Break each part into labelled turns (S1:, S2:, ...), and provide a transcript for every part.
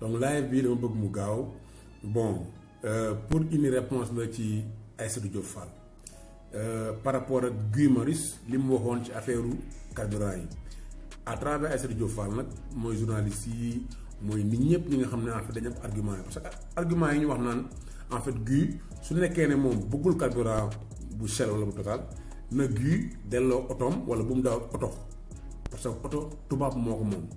S1: donc live bon euh, pour une réponse à ci Aïssatou Diop euh, par rapport à Guy Maurice, ce qui est ci carburant à travers ce Diop Fall journaliste yi que en fait dañu arguments. argument parce que argument yi en fait Guy su vous ne bëggul bu Shell wala Total na Guy ou wala bu parce que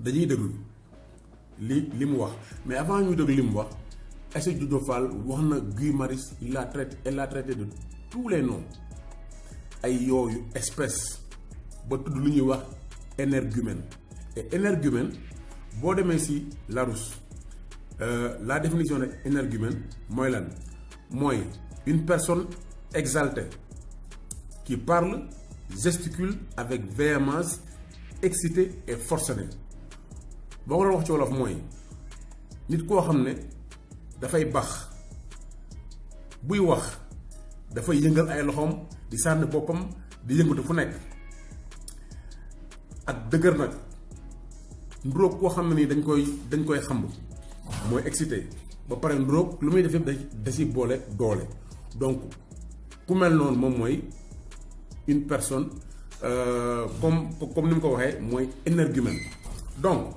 S1: dañuy déglu li wax mais avant ñu déglu li mu wax wax na il la traite elle a traité de tous les noms ay yooyu espèce ba tudd lu ñuy énergumène et énergumène boo demee si euh, la définition de énergumène mooy lan une personne exaltée qui parle gesticule avec véhémence excitée et forcenée boo ko doon wax ci wolof mooy nit koo xam ne dafay bax buy wax dafay yëngal ay loxoom di sànni boppam di yëngatu fu nekk ak dëgër nag nduróog koo xam ne nii dañ koy dañ koy xamb mooy excité ba pare nduróog lu muy def yëpp da ci boole doole donc ku mel noonu moom mooy une personne euh, comme comme ni mu ko waxee mooy énergumène donc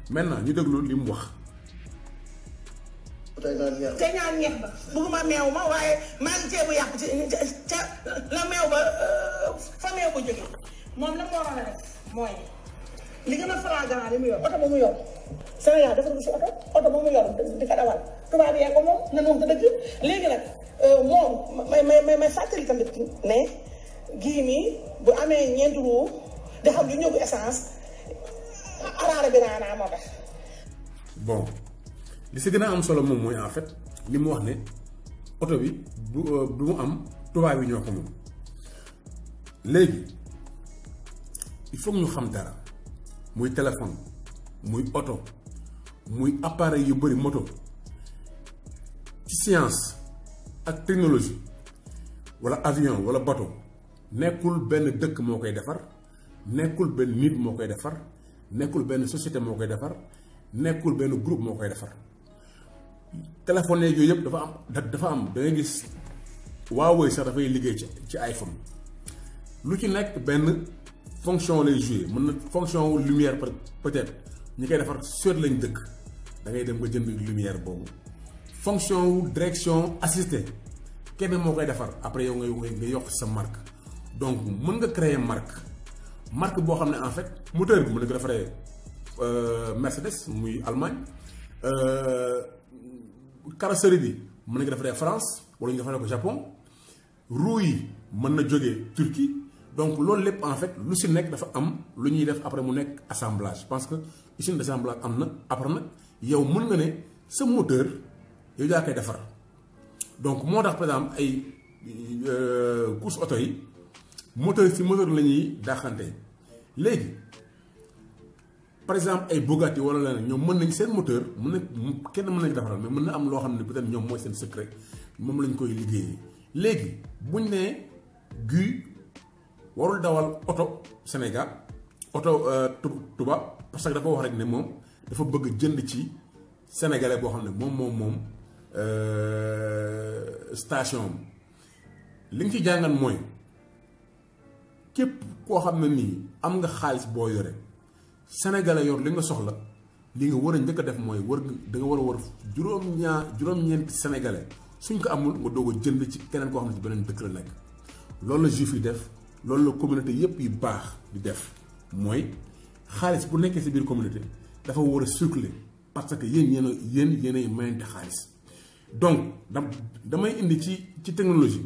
S1: maintenant ñu déglu li mu wax. tey naan ñeex ba tey naan ba bëgguma meew ma waaye maa ngi yàqu ci ca la meew ba euh, fa meew ba jóge moom la a def mooy li a flagrant li mu moom nan dëgg léegi nag euh, moom may may may fàttali tamit ne gii nii bu amee ñeenti roues di xam lu ñëw essence. xale bi naa naa ba bon li si gëna am solo moom mooy en fait li mu wax né auto bi bu bu euh, mu am tubaab yi ñoko ko légui il faut ñu xam dara muy téléphone muy auto muy appareil yu bari moto ci science ak technologie wala avion wala bateau nekkul benn dëkk moo koy defar nekkul benn nit moo koy defar nekkul benn société moo koy defar nekkul benn groupe moo koy defar téléphone yooyu yëpp dafa am dafa am da ngay gis Huawei sax dafay liggéey ci ci iPhone lu ci nekk benn fonction lay joué mën na fonction lumière peut-être ñi koy defar seet lañ dëkk da ngay dem nga jënd lumière boobu fonction direction assistée kenn moo koy defar après yow nga nga yokk sa marque donc mën nga créer marque marque boo xam ne en fait moteur bi mën na ko defaree euh, Mercedes muy Allemagne euh, carrosserie bi mën na defaree France wala ñu defaree ko Japon roue yi mën na jógee Turquie donc loolu lépp en fait lu si nekk dafa am lu ñuy def après mu nekk assemblage je pense que usine d'assemblage am na après nag yow mën nga ne sa moteur yow yaa koy defar donc moo tax par exemple ay euh, course auto yi moteur si moteur la ñuy par exemple ay Bugatti wala ñom mën seen moteur mën kenn mën nañ mais mën na am qui xam peut-être ñom moy seen secret mom lañ koy qui légui buñ né qui warul dawal auto Sénégal euh, Touba parce que dafa wax rek ne moom dafa bëgg jënd ci sénégalais boo xam ne moom euh, station ci képp koo xam ne nii am nga xaalis boo yore sénégalais yor li nga soxla li nga war a njëkk def mooy war da war a war juróom-ñaar juróom-ñeenti sénégalais suñ ko amul nga doog a jënd ci keneen koo xam ne ci beneen dëkk la nekk. loolu la juif yi def loolu la communauté yépp yu baax di def mooy xaalis bu nekkee si biir communauté dafa war a circuler parce que yéen yéen a yéen yéen a mayante xaalis donc damay indi ci ci technologie.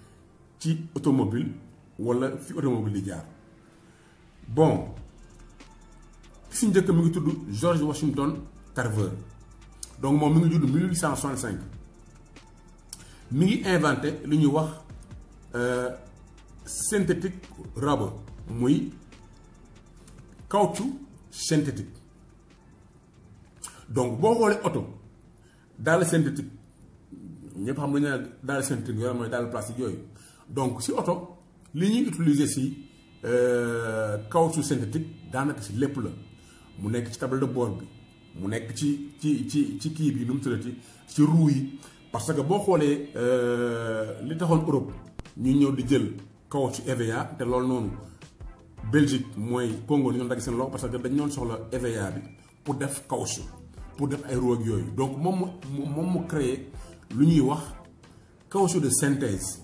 S1: ci automobile wala fi automobile di bon qui s'indique njëkk mi ngi George Washington Carver donc moom mi ngi judd 1865 mi ngi inventé li ñuy wax euh, synthétique rubber muy caoutchouc synthétique donc boo auto. Dans le synthétique ñëpp xam nañu dans le synthétique yooyu dans le plastique yooyu donc si auto, li ñuy utiliser si euh, caoutchouc synthétique dans si lépp la mu nekk ci table de bord bi mu nekk ci ci ci ci qui bi nu mu ci roue yi parce que boo xoolee euh, li en Europe ñu de di jël caoutchouc EVA te loolu Belgique mooy Congo li ñoon dagg seen parce que dañ non, soxla EVA bi pour def caoutchouc pour def ay roue ak donc moi, moi, moi, créé lu ñuy wax caoutchouc de synthèse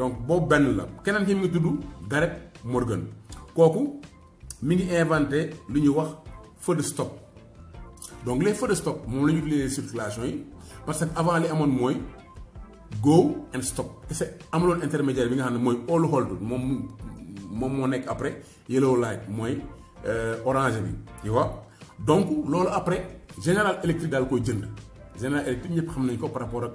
S1: donc boobu benn la keneen ki mi ngi tudd Gareth Morgan kooku mi ngi inventé lu ñuy wax feu de stop donc les feux de stop moom la ñu utilisé circulation yi parce que avant li amoon mooy go and stop c'est amuloon intermédiaire bi nga xam ne mooy all hold moom moom moo nekk après yellow light mooy euh, orange bi tu vois donc loolu après général électrique daal koy jënd général électrique ñëpp xam nañ ko par rapport ak.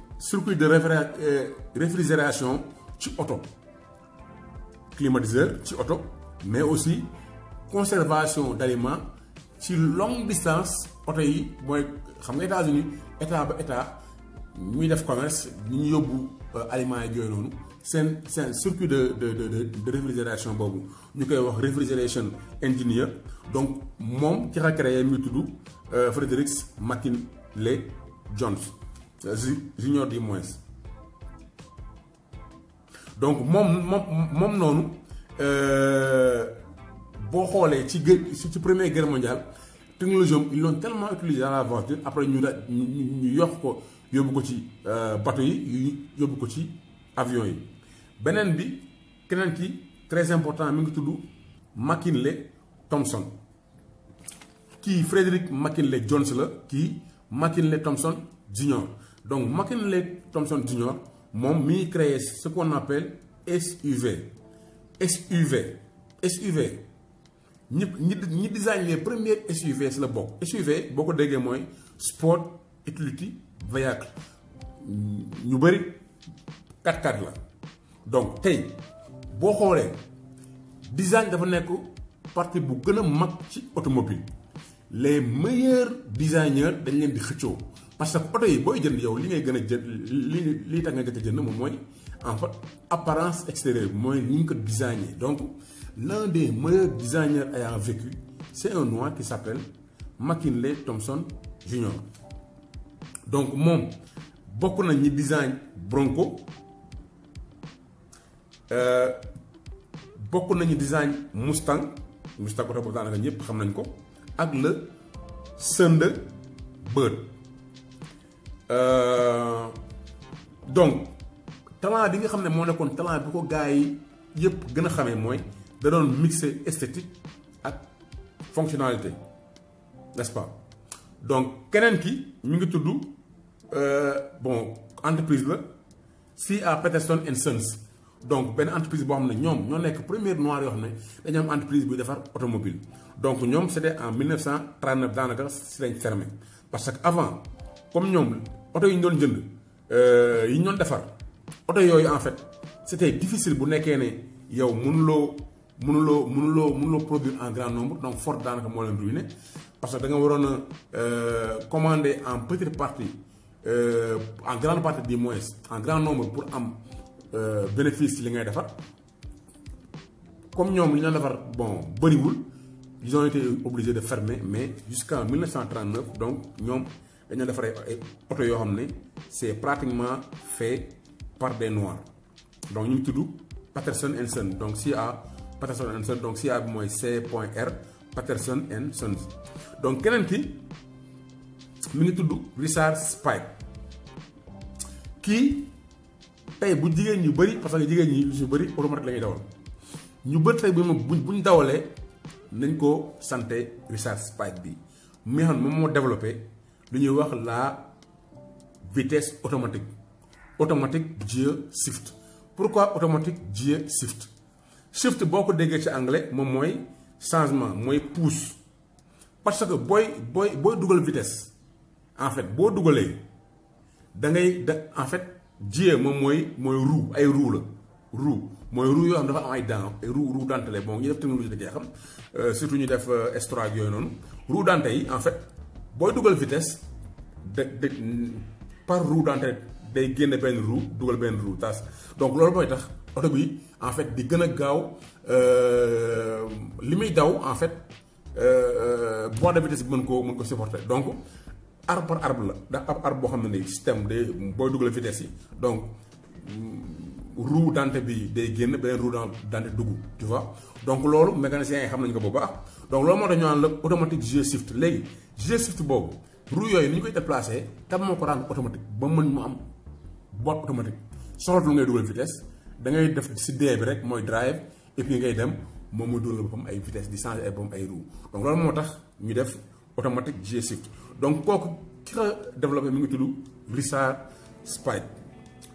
S1: circuit de euh, réfrigération ci auto, climatiseur ci auto, mais aussi conservation d'aliments ci longue distance auto yi mooy xam nga États-Unis état ba état ñuy def commerce ñu ñu euh, aliments C'est un circuit de de de de réfrigération boobu ñu koy wax refrigeration engineer donc mom qui a créé mi tudd euh, Frédéric McKinley Jones junior des moins donc mon nom. moom les bo xolé ci ci première guerre mondiale technologie ils l'ont tellement utilisé à l'avance après ñu York, ñu yox ko yóbbu ko ci euh, bateau yi ko ci avion yi benen bi très important mi ngi McKinley Mackinley Thompson Qui Frédéric McKinley-Johnson qui qui mckinley Thompson Junior donc McKinley Thompson Jr. m'a créé ce qu'on appelle SUV SUV SUV Ni ni ni design les premiers SUV la bokk SUV beaucoup de déggee sport utility vehicle ñu bëri 4x4 là. donc tey boo xoolee design dafa nekk partie bu gën a ci automobile les meilleurs designers dañ leen di parce que oto yi booy jënd yow li ngay gëna jënd li li tax nga jënd mom moy en fait apparence extérieure moy mooy ni ko designé donc l'un des meilleurs designers ayant vécu c'est un noir qui s'appelle McKinley Thompson Junior. donc mom bokku na ñi design Bronco euh, beaucoup de design Mustang Mustang oto boobu daanaka ñëpp xam nañ ko ak le Thunderbird euh, donc talent bi nga xam ne moo nekkoon talent bi ko gars yi yëpp gën a xamee mooy da doon mixer esthétique ak fonctionnalité n'est-ce pas donc keneen ki mi ngi tudd euh, bon entreprise la si à Peterson and Sons donc benn entreprise boo xam ne ñoom ñoo nekk première noire yoo xam ne am entreprise buy defar automobile donc ñoom c'était en 1939 daanaka si lañ fermé parce que avant comme ñoom oto yi ñu doon jënd euh, yi ñu doon defar oto yooyu en fait c'était difficile bu nekkee ne yow mënuloo mënuloo mënuloo mënuloo produire en grand nombre donc fort daanaka moo leen ruiné parce que da nga waroon a euh, commander en petite partie euh, en grande partie du moins en grand nombre pour am bénéfice ci li ngay defar comme ñoom li ñu defar bon bëriwul ils ont été obligés de fermer mais jusqu'en 1939 donc ñoom dañoo defar ay oto yoo xam ne c'est pratiquement fait par des noirs donc ñu ngi tudd Patterson and Sons donc à Patterson and Sons donc CA bi mooy C point R Patterson and Sons donc keneen ki mi ngi tudd Richard Spike kii tey bu jigéen ñu bëri parce que jigéen ñi ñu bëri automatique la ñuy dawal ñu bëri tey bu bu buñ dawalee nañ ko santé Richard Spike bi mi on xam ne moom moo développé lu ñuy wax la vitesse automatique automatique gear shift pourquoi automatique gear shift shift boo ko déggee ci anglais moom mooy changement mooy pousse parce que booy booy booy dugal vitesse en fait boo dugalee da ngay da en fait gear moom mooy mooy roue ay roue la roue mooy roue yoo xam dafa am ay dents roue roue dentelé bon ñu def technologie da cee xam euh, surtout ñu def euh, estrade 3 yooyu noonu roue dentelé yi en fait boy dugal vitesse de de par roue d'entrée des génne ben roue double ben roue tas donc loolu mooy tax oto bi en fait di gëna a gaaw euh, li daw en fait bois euh, euh, de vitesse bi mën ko mën ko supporter donc arbre par arbre la da arbre boo xam système de boy double vitesse donc roue dante bi day génn beneen roue dante dugg tu vois donc loolu mécanicien yi xam nañu ko bu baax donc loolu moo tax ñu naan la automatique gear shift léegi gear shift boobu roue yooyu ni ñu koy déplacé tam moo ko rendre automatique ba mën mu am boîte automatique soxlatul ngay dugal vitesse da ngay def si dee bi rek mooy drive et puis ngay dem moom muy dugal boppam ay vitesse di changer ay boppam ay roue donc loolu moo tax ñu def automatique gear shift donc kooku ki ko développé mi ngi tudd Richard Spike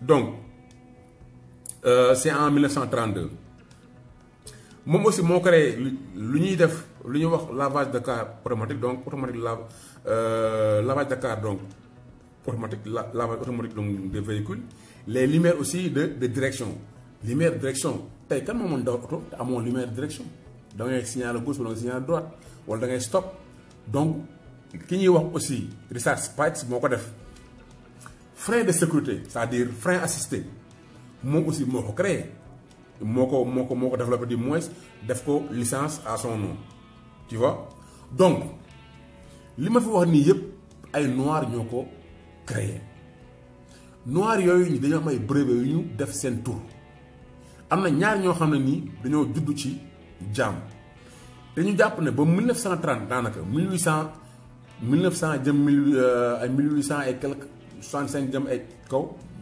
S1: donc. Euh, c'est en 1932 Moi aussi mon créé lu l'unité def lavage de car automatique donc automatique la euh, lavage de car donc automatique lavage automatique donc des véhicules les lumières aussi de de direction lumière direction quel kan moo à mon oto direction donc lumière direction da un signal gauche ou un signal droite wala da stop donc qui nous wax aussi Richard spikes, mon quoi de frein de sécurité c'est-à-dire frein assisté moom aussi moo ko créé moo ko moo ko moo ko développé du moins def ko licence à son nom tu vois donc li ma fi wax nii yëpp ay noir ñoo ko créé noir yooyu ñu dañoo am ay brevet yu ñu def seen tour am na ñaar ñoo xam ne nii dañoo judd ci jaam dañu jàpp ne ba 1930 daanaka 1800 1900 jëm ay 1800 euh, et quelque 65 jëm ay kaw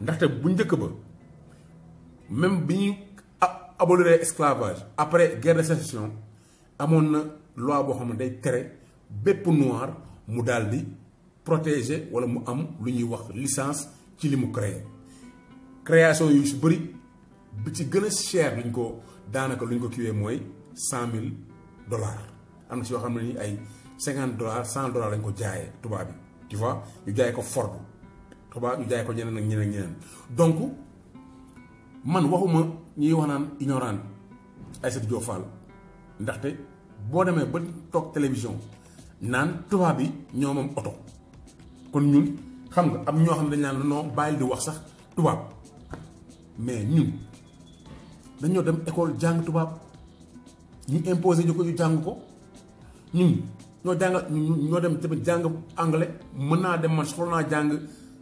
S1: ndaxte bu njëkk ba même bi ñuy abolir esclavage après guerre de sécession amoon na loi bo xam day tere bép noir mu daal di protéger wala mu am luñuy wax licence ci limu créer création yu su bari bi ci gëna cher luñ ko danaka luñ ko kiwé moy 100000 dollars am na si yoo ni ay 50 dollars 100 dollars lañ ko jaayé tuba bi tu vois ñu jaay ko forbe tubaab ñu jaay ko ñeneen ak ñeneen ñeneen donc man waxuma ñuy wax naan ignorant Aïssatou Diop Fall ndaxte boo demee ba toog télévision naan tubaab bi ñoo moom oto kon ñun xam nga am ñoo xam ne dañ naan non bàyyil di wax sax tubaab mais ñun dañoo dem école jàng tubaab ñu imposé ñu ko ñu jàng ko ñun ñoo jàng ñoo dem tamit jàng anglais mën naa dem man soxla naa jàng.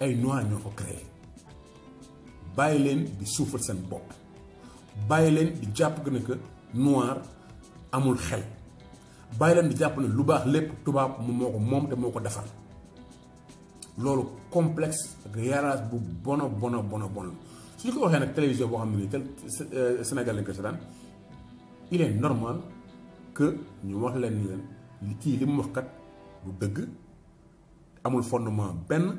S1: ay noir ñoo ko créé bàyyi leen di di que noir amul xel di japp ne lu baax lépp tubaab mu complexe ak bu bono bono bono bon su ko télévision bo tel euh, Sénégal lañ il est normal que ñu wax leen li amul fondement ben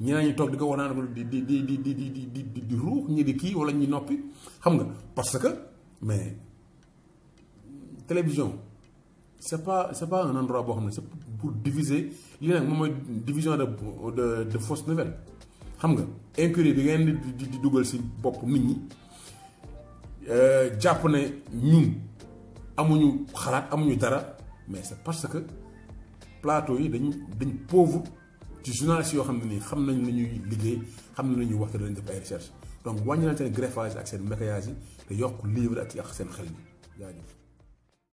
S1: ñeneen ñi toog di ko war naan di di di di di di di ruux ñi di ki wala ñi nopi xam nga parce que mais télévision c'est pas c'est pas un endroit bo xamne c'est pour diviser lii nag moom mooy division de de de fausses nouvelles xam nga incurie bi ngeen di di dugal ci bop nit ñi euh japp ne ñun amuñu xalaat amuñu dara mais c'est parce que plateau yi dañ dañ pauvre ci journalistes yoo xam ne nii xam nañ lu ñuy liggéey xam nañ lu ñuy wax te dañ def ay recherche donc wàññi seen greffage ak seen maquillage yi te yokk livre ak seen xel yi jaajëf